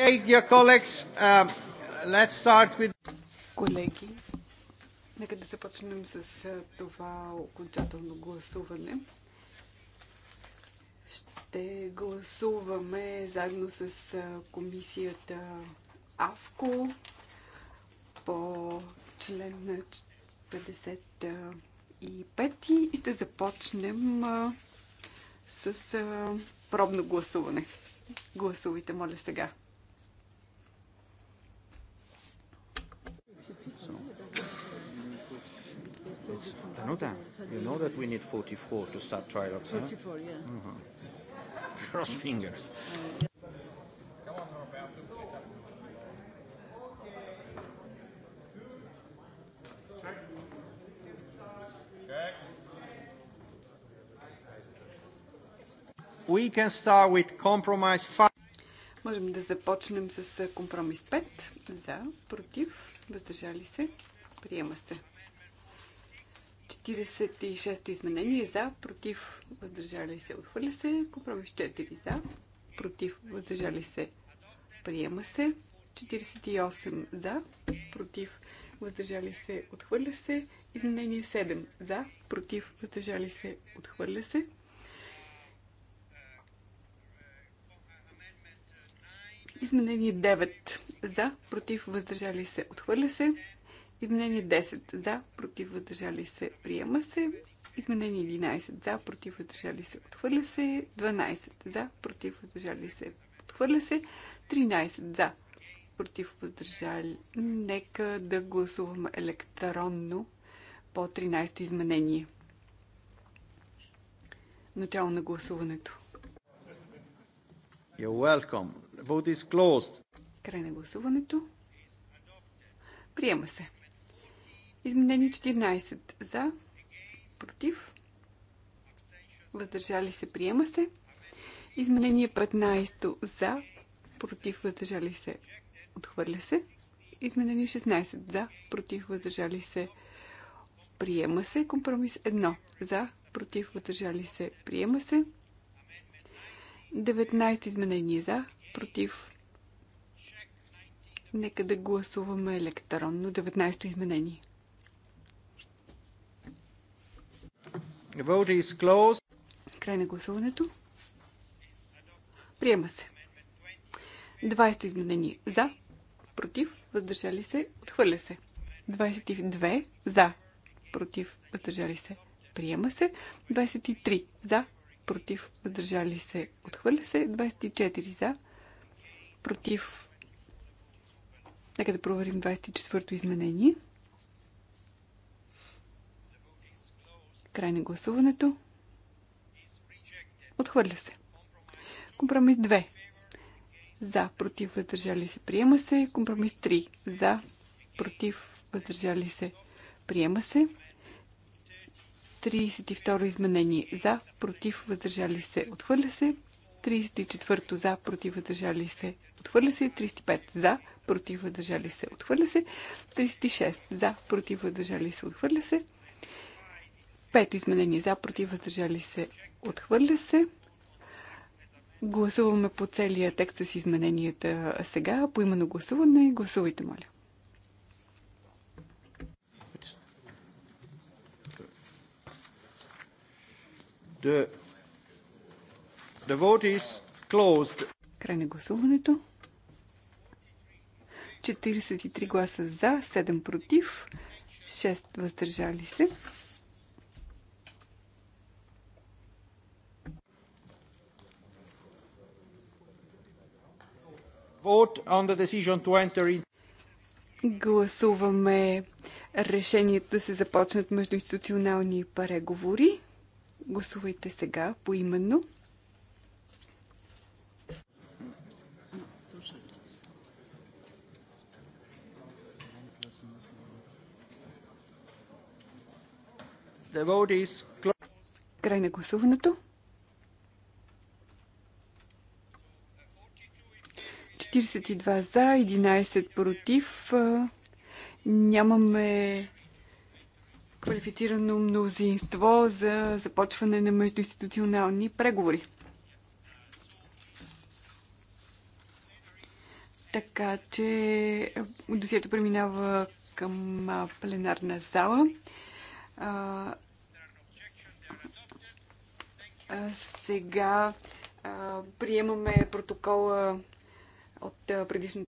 Okay, dear colleagues, uh, let's start with... Колеги, нека да започнем с това окончателно гласуване. Ще гласуваме заедно с комисията АВКО по член на 55 и ще започнем с пробно гласуване. Гласувайте, моля сега. minutes. Danuta, you know that we need 44 to start trilogues, huh? 44, yeah. Mm-hmm. Cross fingers. We can start with compromise 5. Можем да започнем с компромис 5. За, против, въздържали се, приема се. 46-то изменение за, против, въздържали се, отхвърля се. Компромис 4 за, против, въздържали се, приема се. 48 за, против, въздържали се, отхвърля се. Изменение 7 за, против, въздържали се, отхвърля се. Изменение 9 за, против, въздържали се, отхвърля се. Изменение 10 за, против, въздържали се, приема се. Изменение 11 за, против, въздържали се, отхвърля се. 12 за, против, въздържали се, отхвърля се. 13 за, против, въздържали. Нека да гласуваме електронно по 13 изменение. Начало на гласуването. You're welcome. Vote is closed. Край на гласуването. Приема се. Изменени 14 за, против, въздържали се, приема се. Изменение 15 за, против, въздържали се, отхвърля се. Изменение 16 за, против, въздържали се, приема се. Компромис 1 за, против, въздържали се, приема се. 19 изменение за, против. Нека да гласуваме електронно 19 изменение. Край на гласуването. Приема се. 20 изменение. За. Против. Въздържали се. Отхвърля се. 22. За. Против. Въздържали се. Приема се. 23. За. Против. Въздържали се. Отхвърля се. 24. За. Против. Нека да проверим 24-то изменение. 24. Край на гласуването. Отхвърля се. Компромис 2. За, против, въздържали се, приема се. Компромис 3. За, против, въздържали се, приема се. 32 изменение за, против, въздържали се, отхвърля се. 34 за, против, въздържали се, отхвърля се. 35 за, против, въздържали се, отхвърля се. 36 за, против, въздържали се, отхвърля се. Пето изменение за, против, въздържали се, отхвърля се. Гласуваме по целия текст с измененията сега. По именно гласуване. Гласувайте, моля. The, the vote is closed. Край на гласуването. 43 гласа за, 7 против, 6 въздържали се. Гласуваме решението да се започнат междуинституционални преговори. Гласувайте сега поименно. Край на гласуването. 42 за, 11 против. Нямаме квалифицирано мнозинство за започване на междуинституционални преговори. Така че досието преминава към пленарна зала. сега приемаме протокола от предишното